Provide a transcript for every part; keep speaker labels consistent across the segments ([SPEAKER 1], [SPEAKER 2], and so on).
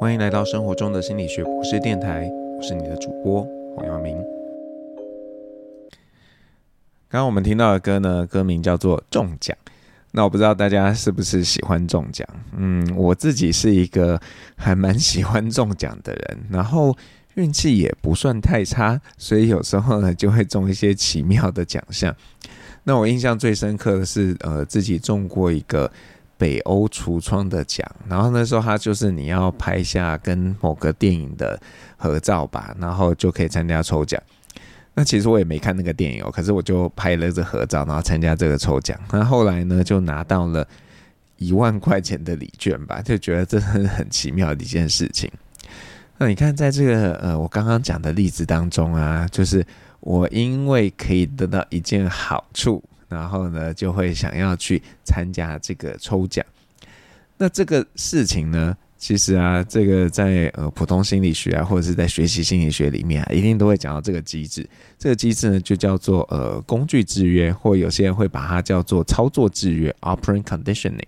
[SPEAKER 1] 歡迎來到生活中的心理學博士電台，我是你的主播黃揚名。剛剛我們聽到的歌呢，歌名叫做《中獎》。那我不知道大家是不是喜歡中獎？嗯，我自己是一個還蠻喜歡中獎的人，然後運氣也不算太差，所以有時候呢就會中一些奇妙的獎項。那我印象最深刻的是，呃，自己中過一個北歐櫥窗的獎，然後那時候他就是你要拍下跟某個電影的合照吧，然後就可以參加抽獎。那其實我也沒看那個電影哦，可是我就拍了這合照，然後參加這個抽獎。那後來呢，就拿到了一萬塊錢的禮券吧，就覺得這是很奇妙的一件事情。那你看，在這個呃，我剛剛講的例子當中啊，就是我因為可以得到一件好處。然後呢，就會想要去參加這個抽獎。那這個事情呢，其實啊，這個在呃普通心理學啊，或者是在學習心理學裡面啊，一定都會講到這個機制。這個機制呢，就叫做呃工具制約，或有些人會把它叫做操作制約 （operant conditioning）。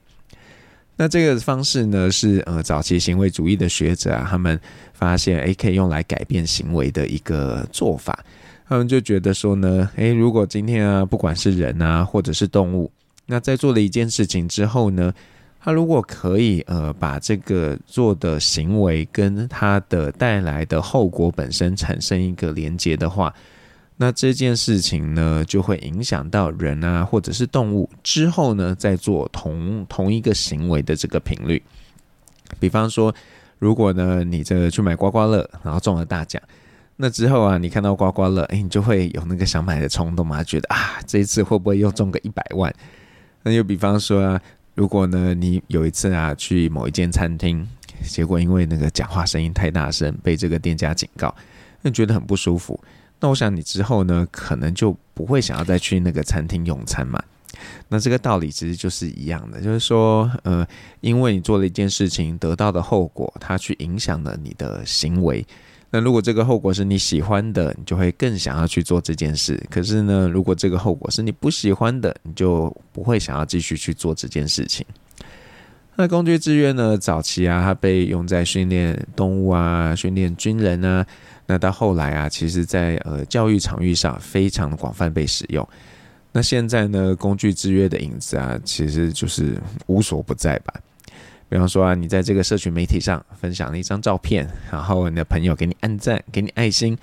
[SPEAKER 1] 那這個方式呢，是呃早期行為主義的學者啊，他們發現哎，可以用來改變行為的一個做法。他們就覺得說呢，誒、欸，如果今天啊，不管是人啊，或者是動物，那在做了一件事情之後呢，他如果可以呃，把這個做的行為跟他的帶來的後果本身產生一個連接的話，那這件事情呢，就會影響到人啊，或者是動物之後呢，再做同同一個行為的這個頻率。比方說，如果呢，你這去買刮刮樂，然後中了大獎。那之後啊，你看到刮刮樂，誒、欸，你就會有那個想買的衝動嗎？覺得啊，這一次會不會又中個一百萬？那又比方說啊，如果呢，你有一次啊去某一間餐廳，結果因為那個講話聲音太大聲，被這個店家警告，那覺得很不舒服。那我想你之後呢，可能就不會想要再去那個餐廳用餐嘛。那這個道理其實就是一樣的，就是說，呃，因為你做了一件事情，得到的後果，它去影響了你的行為。那如果這個後果是你喜歡的，你就會更想要去做這件事。可是呢，如果這個後果是你不喜歡的，你就不會想要繼續去做這件事情。那工具制約呢？早期啊，它被用在訓練動物啊、訓練軍人啊。那到後來啊，其實在呃教育場域上非常廣泛被使用。那現在呢，工具制約的影子啊，其實就是無所不在吧。比方說啊，你在這個社群媒體上分享了一張照片，然後你的朋友給你按讚，給你愛心，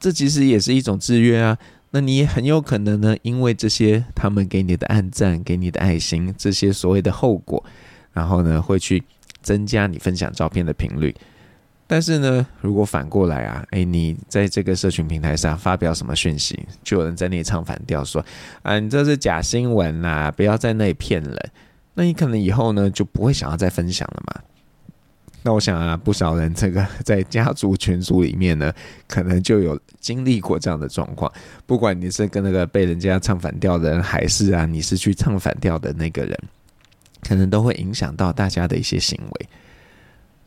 [SPEAKER 1] 這其實也是一種制約啊。那你也很有可能呢，因為這些他們給你的按讚、給你的愛心這些所謂的後果，然後呢會去增加你分享照片的頻率。但是呢，如果反過來啊，誒，你在這個社群平台上發表什麼訊息，就有人在那裡唱反調說，啊，你這是假新聞啊，不要在那裡騙人。那你可能以後呢就不會想要再分享了嘛？那我想啊，不少人這個在家族群組裡面呢，可能就有經歷過這樣的狀況。不管你是跟那個被人家唱反調的人，還是啊，你是去唱反調的那個人，可能都會影響到大家的一些行為。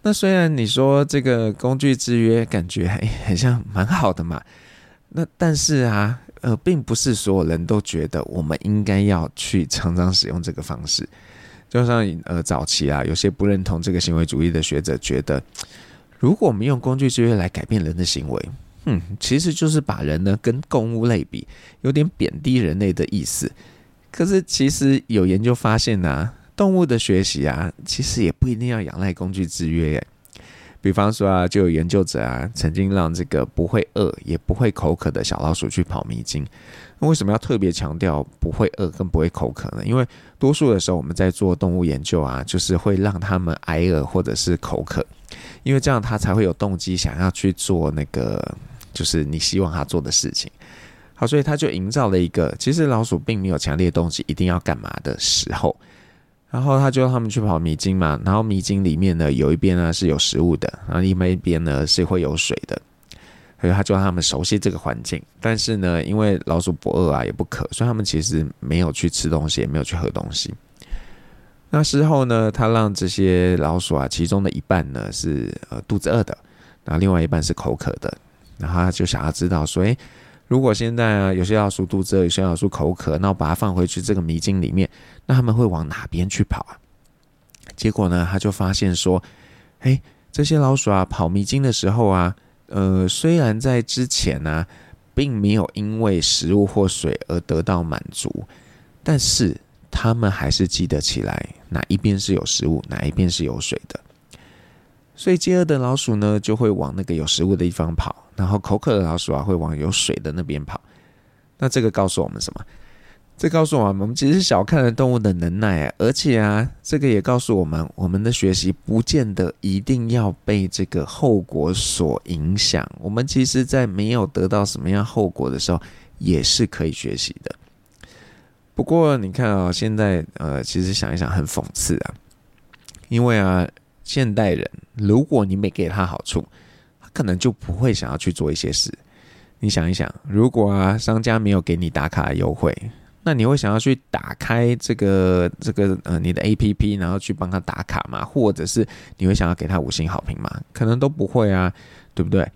[SPEAKER 1] 那雖然你說這個工具制約，感覺還好像蠻好的嘛。那但是啊，呃，並不是所有人都覺得我們應該要去常常使用這個方式。就像呃，早期啊，有些不認同這個行為主義的學者覺得，如果我們用工具制約來改變人的行為，哼、嗯，其實就是把人呢跟動物類比，有點貶低人類的意思。可是其實有研究發現呢、啊，動物的學習啊，其實也不一定要仰賴工具制約誒、欸。比方說啊，就有研究者啊，曾經讓這個不會餓也不會口渴的小老鼠去跑迷津。那為什麼要特別強調不會餓跟不會口渴呢？因為多數的時候我們在做動物研究啊，就是會讓他們挨餓或者是口渴，因為這樣它才會有動機想要去做那個，就是你希望它做的事情。好，所以他就營造了一個，其實老鼠並沒有強烈動機一定要幹嘛的時候。然後他就讓他們去跑迷津嘛，然後迷津裡面呢，有一邊呢是有食物的，然後另外一邊呢是會有水的，所以他就讓他們熟悉這個環境。但是呢，因為老鼠不餓啊，也不渴，所以他們其實沒有去吃東西，也沒有去喝東西。那事後呢，他讓這些老鼠啊，其中的一半呢是呃肚子餓的，那另外一半是口渴的，然後他就想要知道說，誒，如果現在啊有些老鼠肚子餓，有些老鼠口渴，那我把它放回去這個迷津裡面。那他們會往哪邊去跑啊？結果呢，他就發現說，誒、欸、這些老鼠啊，跑迷津的時候啊，呃，雖然在之前呢、啊，並沒有因為食物或水而得到滿足，但是他們還是記得起來哪一邊是有食物，哪一邊是有水的。所以飢餓的老鼠呢，就會往那個有食物的地方跑；然後口渴的老鼠啊，會往有水的那邊跑。那這個告訴我們什麼？這告訴我們，我們其實小看了動物的能耐啊！而且啊，這個也告訴我們，我們的學習不見得一定要被這個後果所影響。我們其實，在沒有得到什麼樣後果的時候，也是可以學習的。不過，你看啊、哦，現在呃，其實想一想，很諷刺啊，因為啊，現代人，如果你沒給他好處，他可能就不會想要去做一些事。你想一想，如果啊，商家沒有給你打卡的優惠，那你會想要去打開這個這個呃你的 APP，然後去幫他打卡嗎？或者是你會想要給他五星好評嗎？可能都不會啊，對不對？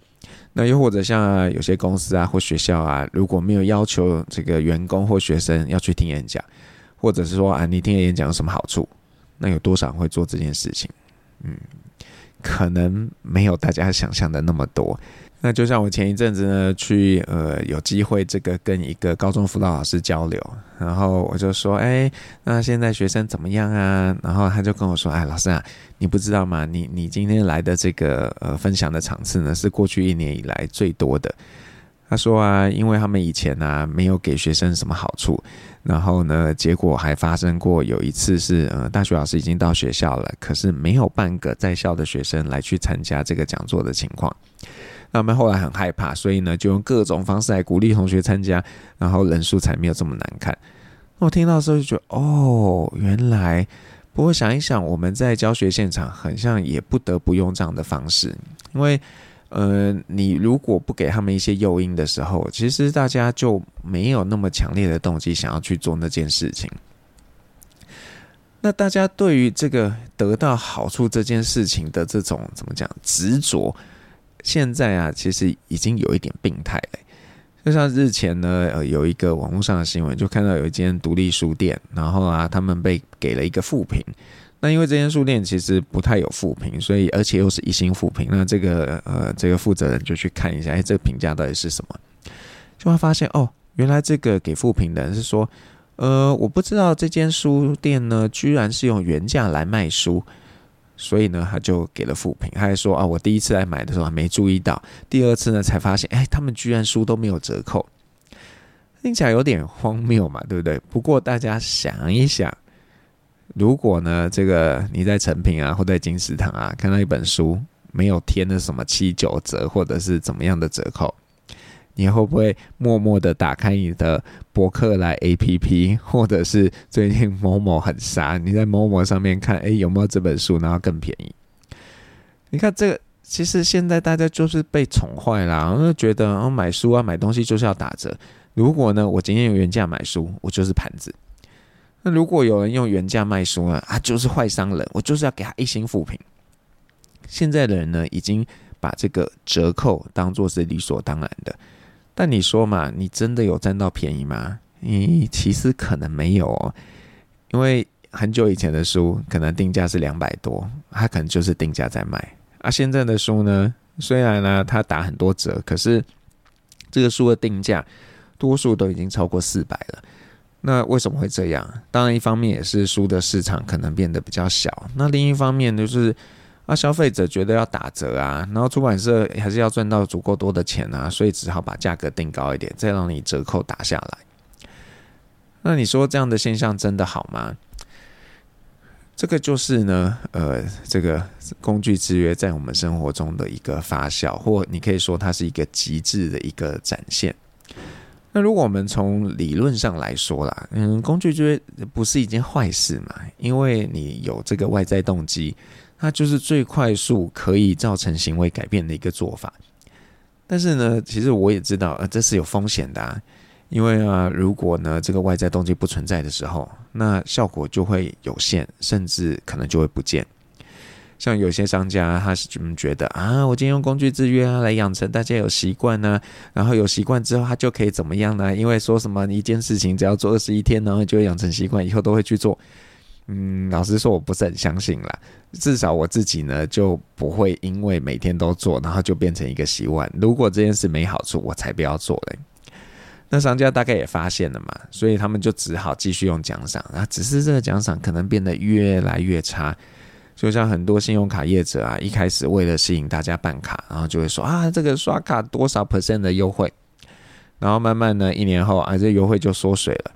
[SPEAKER 1] 那又或者像啊，有些公司啊或學校啊，如果沒有要求這個員工或學生要去聽演講，或者是說啊你聽演講有什麼好處？那有多少人會做這件事情？嗯，可能沒有大家想象的那麼多。那就像我前一陣子呢，去呃有機會這個跟一個高中輔導老師交流，然後我就說，哎，那現在學生怎麼樣啊？然後他就跟我說，哎，老師啊，你不知道嗎？你你今天來的這個呃分享的場次呢，是過去一年以來最多的。他說啊，因為他們以前呢，沒有給學生什麼好處，然後呢，結果還發生過有一次是呃大學老師已經到學校了，可是沒有半個在校的學生來去參加這個講座的情況。他們後來很害怕，所以呢，就用各種方式來鼓勵同學參加，然後人數才沒有這麼難看。我聽到的時候就覺得，哦，原來。不過想一想，我們在教學現場，很像也不得不用這樣的方式，因為，呃，你如果不給他們一些誘因的時候，其實大家就沒有那麼強烈的動機想要去做那件事情。那大家對於這個得到好處這件事情的這種，怎麼講，執着，現在啊，其實已經有一點病態了。就像日前呢，呃、有一個網絡上的新聞，就看到有一間獨立書店，然後啊，他們被給了一個負評。那因為這間書店其實不太有負評，所以而且又是一星負評。那這個呃，這個負責人就去看一下，哎、欸，這個評價到底是什麼？就會發現哦，原來這個給負評的人是說，呃，我不知道這間書店呢，居然是用原價來賣書。所以呢，他就給了負評，他還說啊、哦，我第一次來買的時候還沒注意到，第二次呢才發現，哎、欸，他們居然書都沒有折扣，聽起來有點荒謬嘛，對不對？不過大家想一想，如果呢，這個你在誠品啊，或在金石堂啊，看到一本書沒有貼的什麼七九折或者是怎麼樣的折扣，你會不會默默的打開你的博客來 A P P，或者是最近某某很殺，你在某某上面看，哎、欸，有沒有這本書，然後更便宜？你看這個，其實現在大家就是被寵壞了，我就覺得、哦，買書啊，買東西就是要打折。如果呢，我今天用原價買書，我就是盤子。那如果有人用原價賣書呢，啊，就是壞商人，我就是要給他一星負評。現在的人呢，已經把這個折扣當做是理所當然的。那你說嘛，你真的有佔到便宜嗎？咦、嗯，其實可能沒有哦，因為很久以前的書可能定價是兩百多，它可能就是定價在賣。啊，現在的書呢，雖然呢它打很多折，可是這個書的定價多數都已經超過四百了。那為什麼會這樣？當然一方面也是書的市場可能變得比較小，那另一方面就是。那、啊、消費者覺得要打折啊，然後出版社還是要賺到足夠多的錢啊，所以只好把價格定高一點，再讓你折扣打下來。那你說這樣的現象真的好嗎？這個就是呢，呃，這個工具制約在我們生活中的一個發酵，或你可以說它是一個極致的一個展現。那如果我們從理論上來說啦，嗯，工具制約不是一件壞事嘛，因為你有這個外在動機。它就是最快速可以造成行為改變的一個做法，但是呢，其實我也知道啊、呃，這是有風險的，啊。因為啊，如果呢這個外在動機不存在的時候，那效果就會有限，甚至可能就會不見。像有些商家他是覺得啊，我今天用工具制約啊來養成大家有習慣呢，然後有習慣之後他就可以怎麼樣呢、啊？因為說什麼你一件事情只要做二十一天呢，然後就會養成習慣，以後都會去做。嗯，老實說，我不是很相信啦。至少我自己呢，就不會因為每天都做，然後就變成一個習慣。如果這件事沒好處，我才不要做嘞。那商家大概也發現了嘛，所以他們就只好繼續用獎賞啊，只是這個獎賞可能變得越來越差。就像很多信用卡業者啊，一開始為了吸引大家辦卡，然後就會說啊，這個刷卡多少 percent 的優惠，然後慢慢呢，一年後啊，這優惠就縮水了。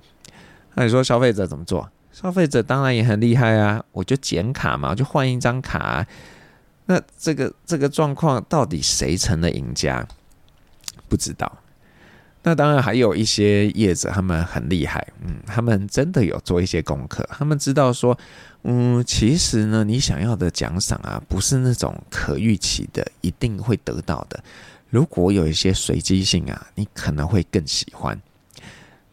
[SPEAKER 1] 那你說消費者怎麼做？消費者當然也很厲害啊，我就剪卡嘛，我就換一張卡啊。那這個這個狀況到底誰成了贏家？不知道。那當然還有一些業者，他們很厲害，嗯，他們真的有做一些功課，他們知道說，嗯，其實呢，你想要的獎賞啊，不是那種可預期的，一定會得到的。如果有一些隨機性啊，你可能會更喜歡。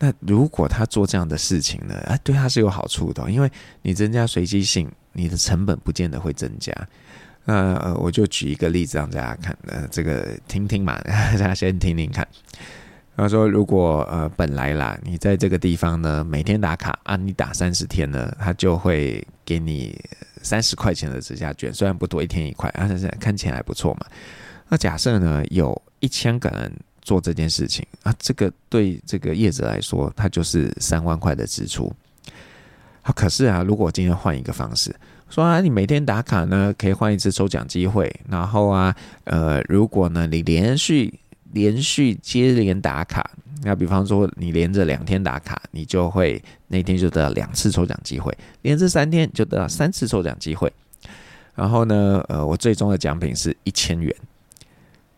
[SPEAKER 1] 那如果他做這樣的事情呢？啊，對他是有好處的。哦，因為你增加隨機性，你的成本不見得會增加。那，呃，我就舉一個例子讓大家看，呃，這個聽聽嘛，大家先聽聽看。他說，如果呃本來啦，你在這個地方呢，每天打卡啊，你打三十天呢，他就會給你三十塊錢的指甲券，雖然不多，一天一塊啊，但是看起來還不錯嘛。那假設呢，有一千個人。做這件事情啊，這個對這個業者來說，它就是三萬塊的支出。好，可是啊，如果我今天換一個方式，說啊，你每天打卡呢，可以換一次抽獎機會。然後啊，呃，如果呢，你連續連續接連打卡，那比方說你連着兩天打卡，你就會那天就得到兩次抽獎機會；連着三天就得到三次抽獎機會。然後呢，呃，我最終的獎品是一千元。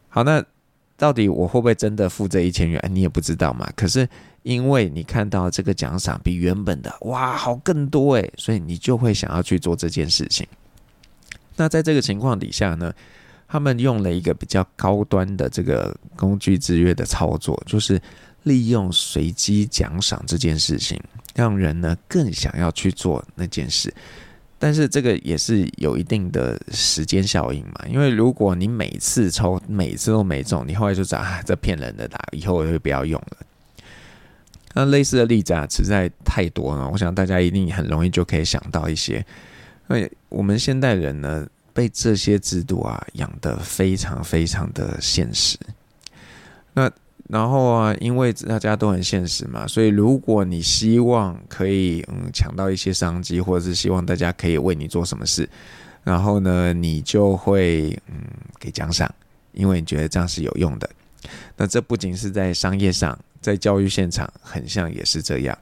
[SPEAKER 1] 好，那。到底我會不會真的付這一千元？你也不知道嘛。可是因為你看到這個獎賞比原本的哇好更多誒，所以你就會想要去做這件事情。那在這個情況底下呢，他們用了一個比較高端的這個工具制約的操作，就是利用隨機獎賞這件事情，讓人呢更想要去做那件事。但是這個也是有一定的時間效應嘛，因為如果你每次抽每次都沒中，你後來就知道啊，這騙人的啦。以後我就不要用了。那類似的例子啊，實在太多了，我想大家一定很容易就可以想到一些。所以我們現代人呢，被這些制度啊養得非常非常的現實。那然後啊，因為大家都很現實嘛，所以如果你希望可以嗯搶到一些商機，或者是希望大家可以為你做什麼事，然後呢，你就會嗯給獎賞，因為你覺得這樣是有用的。那這不僅是在商業上，在教育現場很像也是這樣。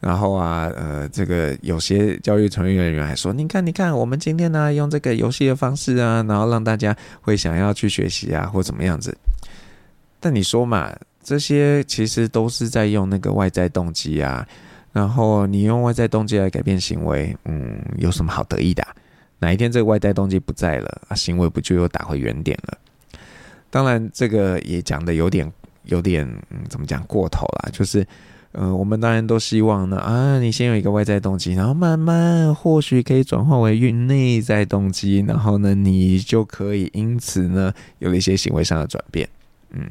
[SPEAKER 1] 然後啊，呃，這個有些教育從業人員還說：“你看，你看，我們今天呢啊用這個遊戲的方式啊，然後讓大家會想要去學習啊，或怎麼樣子。”但你說嘛？這些其實都是在用那個外在動機啊，然後你用外在動機來改變行為，嗯，有什麼好得意的？啊？哪一天這個外在動機不在了，啊，行為不就又打回原點了？當然，這個也講的有點有點，有點嗯、怎麼講過頭了？就是，呃，我們當然都希望呢，啊，你先有一個外在動機，然後慢慢或許可以轉化為運內在動機，然後呢，你就可以因此呢，有了一些行為上的轉變。嗯，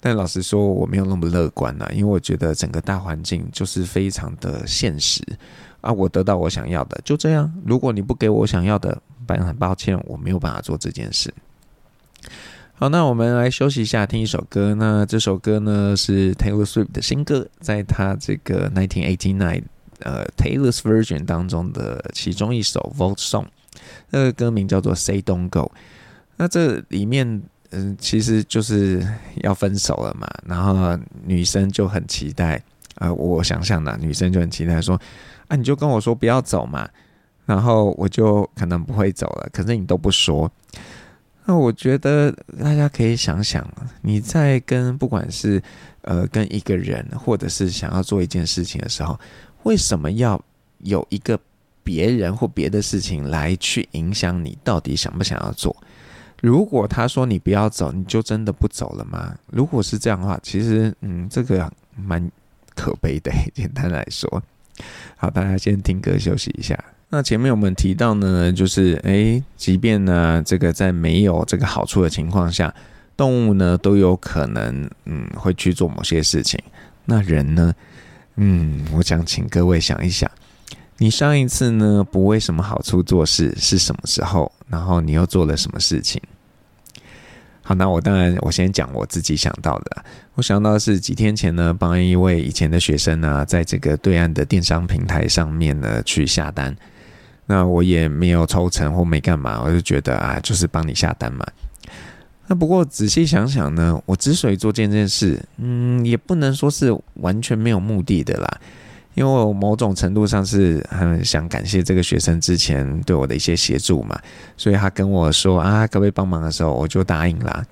[SPEAKER 1] 但老實說我沒有那麼樂觀了啊，因為我覺得整個大環境就是非常的現實啊。我得到我想要的就這樣，如果你不給我想要的，反正很抱歉，我沒有辦法做這件事。好，那我們來休息一下，聽一首歌。那這首歌呢是 Taylor Swift 的新歌，在他這個89，呃《Nineteen Eighty Nine》呃 Taylor's Version》當中的其中一首《Vault Song》，那個歌名叫做《Say Don't Go》。那這裡面。嗯，其實就是要分手了嘛，然後女生就很期待，呃，我想想啦，女生就很期待說，啊，你就跟我說不要走嘛，然後我就可能不會走了，可是你都不說，那我覺得大家可以想想，你在跟不管是呃跟一個人，或者是想要做一件事情的時候，為什麼要有一個別人或別的事情來去影響你到底想不想要做？如果他說你不要走，你就真的不走了嗎？如果是這樣的話，其實嗯，這個蠻可悲的。簡單來說，好，大家先聽歌休息一下。那前面我們提到的呢，就是誒、欸，即便呢這個在沒有這個好處的情況下，動物呢都有可能嗯會去做某些事情。那人呢，嗯，我想請各位想一想，你上一次呢不為什麼好處做事是什麼時候？然後你又做了什麼事情？好，那我當然，我先講我自己想到的啦。我想到的是幾天前呢，幫一位以前的學生呢、啊，在這個對岸的電商平台上面呢去下單。那我也沒有抽成或沒幹嘛，我就覺得啊，就是幫你下單嘛。那不過仔細想想呢，我之所以做這件件事，嗯，也不能說是完全沒有目的的啦。因為我某種程度上是很想感謝這個學生之前對我的一些協助嘛，所以他跟我說啊，可不可以幫忙的時候，我就答應啦。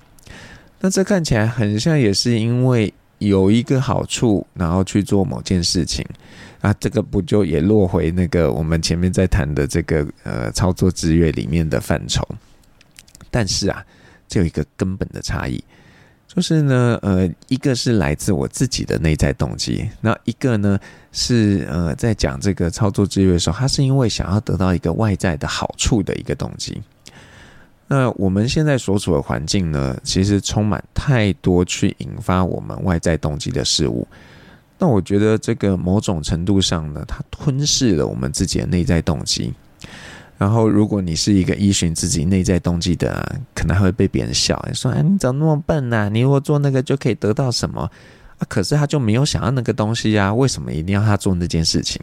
[SPEAKER 1] 那這看起來很像也是因為有一個好處，然後去做某件事情啊，這個不就也落回那個我們前面在談的這個呃操作制約裡面的範疇？但是啊，這有一個根本的差異。就是呢，呃，一個是來自我自己的內在動機，那一個呢是呃，在講這個操作制約的時候，它是因為想要得到一個外在的好處的一個動機。那我們現在所處的環境呢，其實充滿太多去引發我們外在動機的事物。那我覺得這個某種程度上呢，它吞噬了我們自己的內在動機。然後，如果你是一個依循自己內在動機的，可能還會被別人笑，說：“哎，你怎麼那麼笨吶啊？你如果做那個就可以得到什麼？啊，可是他就沒有想要那個東西啊。為什麼一定要他做那件事情？”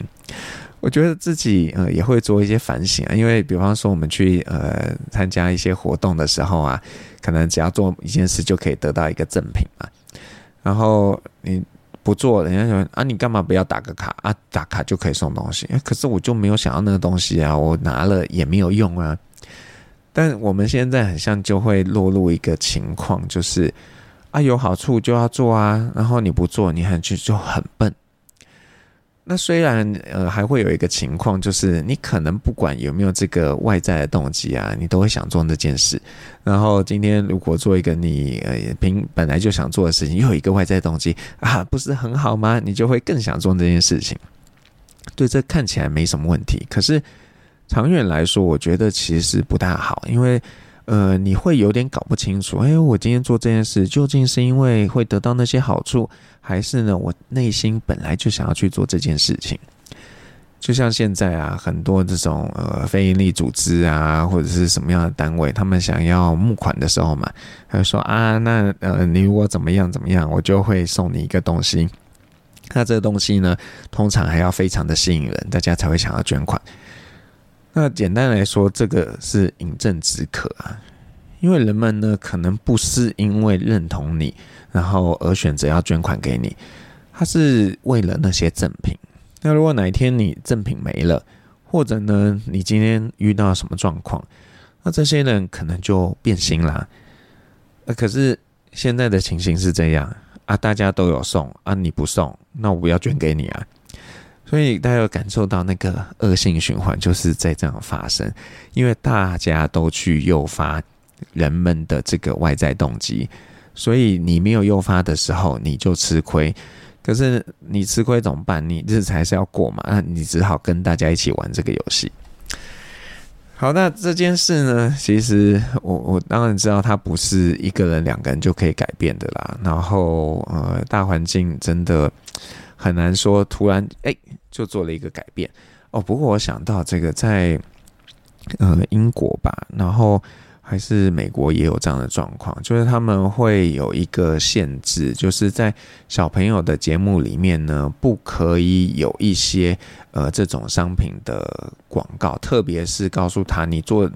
[SPEAKER 1] 我覺得自己呃也會做一些反省啊，因為比方說我們去呃參加一些活動的時候啊，可能只要做一件事就可以得到一個贈品嘛啊，然後你。不做了，人家說啊，你幹嘛不要打個卡啊？打卡就可以送東西。欸，可是我就沒有想要那個東西啊，我拿了也沒有用啊。但我們現在很像，就會落入一個情況，就是啊，有好處就要做啊，然後你不做，你很就就很笨。那雖然，呃，還會有一個情況，就是你可能不管有沒有這個外在的動機啊，你都會想做這件事。然後今天如果做一個你呃平本來就想做的事情，又有一個外在動機啊，不是很好嗎？你就會更想做這件事情。對，這看起來沒什麼問題，可是長遠來說，我覺得其實不大好，因為呃，你會有點搞不清楚，哎、欸，我今天做這件事究竟是因為會得到那些好處，還是呢，我內心本來就想要去做這件事情。就像現在啊，很多這種呃非營利組織啊，或者是什麼樣的單位，他們想要募款的時候嘛，他就說啊，那呃你如果怎麼樣怎麼樣，我就會送你一個東西。那這個東西呢，通常還要非常的吸引人，大家才會想要捐款。那簡單來說，這個是飲鴆止渴啊。因為人們呢，可能不是因為認同你，然後而選擇要捐款給你，他是為了那些贈品。那如果哪一天你贈品沒了，或者呢，你今天遇到什麼狀況，那這些人可能就變心啦。呃，可是現在的情形是這樣啊，大家都有送啊，你不送，那我不要捐給你啊。所以大家有感受到那個惡性循環就是在這樣發生，因為大家都去誘發。人們的這個外在動機，所以你沒有誘發的時候，你就吃虧。可是你吃虧怎麼辦？你日子還是要過嘛，那你只好跟大家一起玩這個遊戲。好，那這件事呢，其實我我當然知道，它不是一個人、兩個人就可以改變的啦。然後呃，大環境真的很難說，突然、欸、就做了一個改變。哦，不過我想到這個在，在呃英國吧，然後。還是美國也有這樣的狀況，就是他們會有一個限制，就是在小朋友的節目裡面呢，不可以有一些呃這種商品的廣告，特別是告訴他你做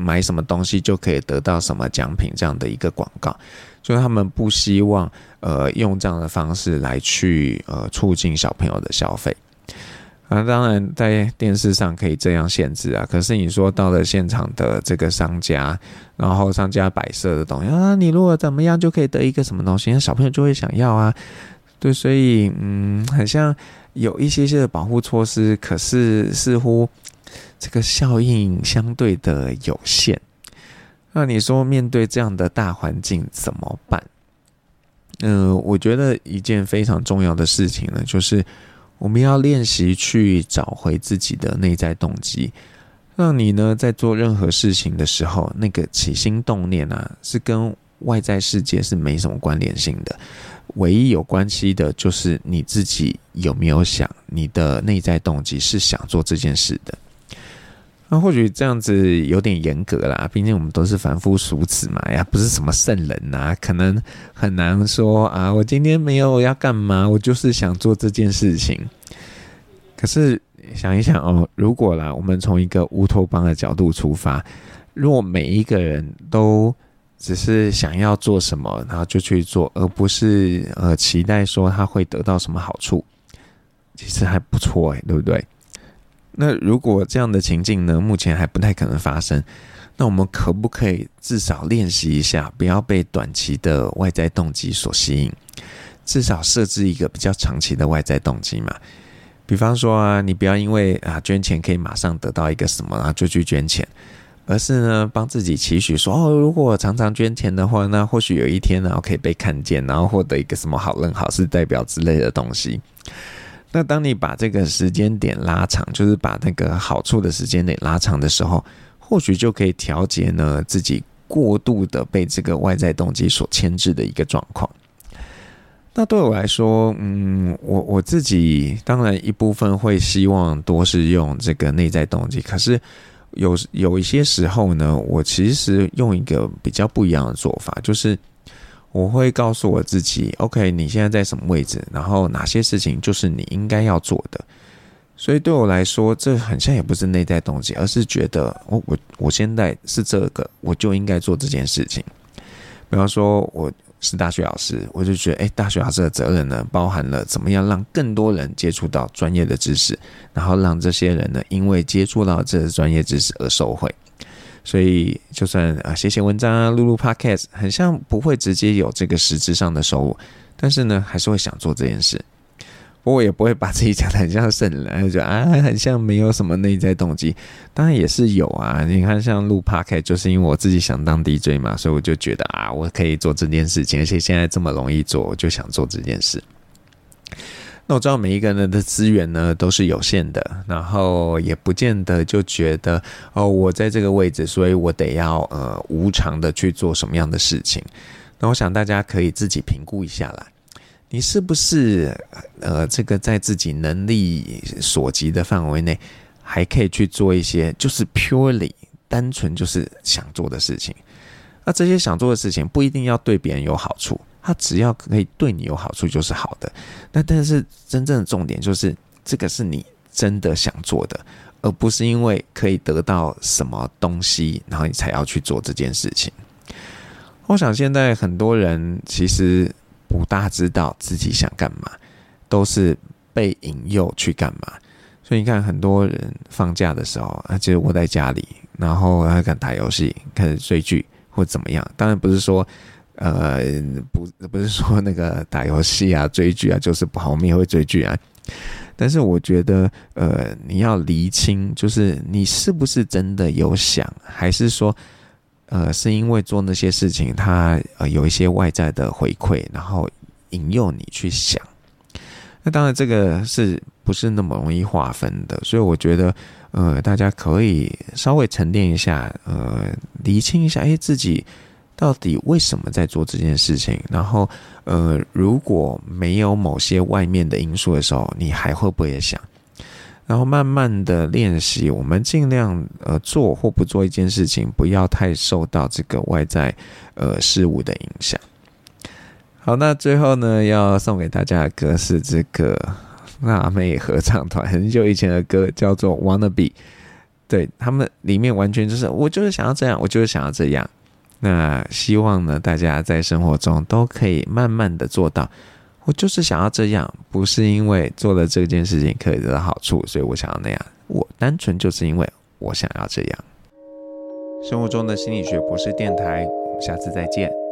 [SPEAKER 1] 買什麼東西就可以得到什麼獎品這樣的一個廣告，就是他們不希望呃用這樣的方式來去呃促進小朋友的消費。啊，當然，在電視上可以這樣限制啊。可是你說到了現場的這個商家，然後商家擺設的東西，啊，你如果怎麼樣就可以得一個什麼東西，那小朋友就會想要啊。對，所以嗯，好像有一些些的保護措施，可是似乎這個效應相對的有限。那你說面對這樣的大環境怎麼辦？嗯、呃，我覺得一件非常重要的事情呢，就是。我們要練習去找回自己的內在動機，讓你呢在做任何事情的時候，那個起心動念啊，是跟外在世界是沒什麼關聯性的。唯一有關係的，就是你自己有沒有想，你的內在動機是想做這件事的。那、啊、或許這樣子有點嚴格啦，畢竟我們都是凡夫俗子嘛，呀、啊，不是什麼聖人吶、啊，可能很難說啊。我今天沒有要幹嘛，我就是想做這件事情。可是想一想哦，如果啦，我們從一個烏托邦的角度出發，若每一個人都只是想要做什麼，然後就去做，而不是呃期待說他會得到什麼好處，其實還不錯哎、欸，對不對？那如果這樣的情境呢，目前還不太可能發生。那我們可不可以至少練習一下，不要被短期的外在動機所吸引，至少設置一個比較長期的外在動機嘛？比方說啊，你不要因為啊捐錢可以馬上得到一個什麼，啊，就去捐錢，而是呢幫自己期許說哦，如果常常捐錢的話，那或許有一天呢，可以被看見，然後獲得一個什麼好人好事代表之類的東西。那當你把這個時間點拉長，就是把那個好處的時間點拉長的時候，或許就可以調節呢自己過度的被這個外在動機所牽制的一個狀況。那對我來說，嗯，我我自己當然一部分會希望多是用這個內在動機，可是有有一些時候呢，我其實用一個比較不一樣的做法，就是。我會告訴我自己，OK，你現在在什麼位置？然後哪些事情就是你應該要做的？所以對我來說，這好像也不是內在動機，而是覺得我我我現在是這個，我就應該做這件事情。比方說，我是大學老師，我就覺得，哎，大學老師的責任呢，包含了怎麼樣讓更多人接觸到專業的知識，然後讓這些人呢，因為接觸到這個專業知識而受惠。所以，就算啊寫寫文章，啊、錄錄 podcast，很像不會直接有這個實質上的收入，但是呢，還是會想做這件事。不過，我也不會把自己講的很像聖人，就啊很像沒有什麼內在動機。當然也是有啊，你看像錄 podcast，就是因為我自己想當 DJ 嘛，所以我就覺得啊，我可以做這件事情，而且現在這麼容易做，我就想做這件事。那我知道每一個人的資源呢都是有限的，然後也不見得就覺得哦，我在這個位置，所以我得要呃無償的去做什麼樣的事情。那我想大家可以自己評估一下啦，你是不是呃這個在自己能力所及的範圍內，還可以去做一些就是 purely 單純就是想做的事情？那這些想做的事情不一定要對別人有好處。他只要可以對你有好處就是好的，那但，但是真正的重點就是這個是你真的想做的，而不是因為可以得到什麼東西，然後你才要去做這件事情。我想現在很多人其實不大知道自己想幹嘛，都是被引誘去幹嘛。所以你看，很多人放假的時候，他其實窩在家裡，然後他敢打遊戲、開始追劇或怎麼樣。當然不是說，呃，不，不是說那個打遊戲啊、追劇啊，就是不好。我們也會追劇啊，但是我覺得，呃，你要釐清，就是你是不是真的有想，還是說，呃，是因為做那些事情，它呃有一些外在的回饋，然後引誘你去想。那當然，這個是不是那麼容易劃分的？所以我覺得，呃，大家可以稍微沉澱一下，呃，釐清一下，欸，自己。到底為什麼在做這件事情？然後，呃，如果沒有某些外面的因素的時候，你還會不會也想？然後慢慢的練習，我們盡量呃做或不做一件事情，不要太受到這個外在呃事物的影響。好，那最後呢，要送給大家的歌是這個辣妹合唱團很久以前的歌，叫做《Wanna Be》。對，他們裡面完全就是我就是想要這樣，我就是想要這樣。那希望呢，大家在生活中都可以慢慢的做到。我就是想要這樣，不是因為做了這件事情可以得到好處，所以我想要那樣。我單純就是因為我想要這樣。生活中的心理學博士電台，我們下次再見。